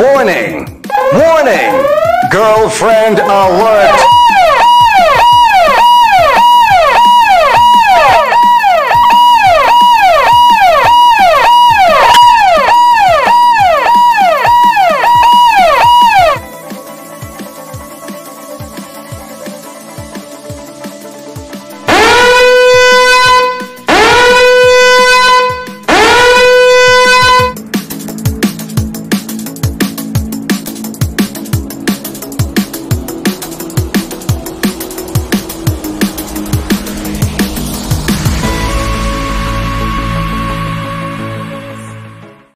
Warning! Warning! Girlfriend alert!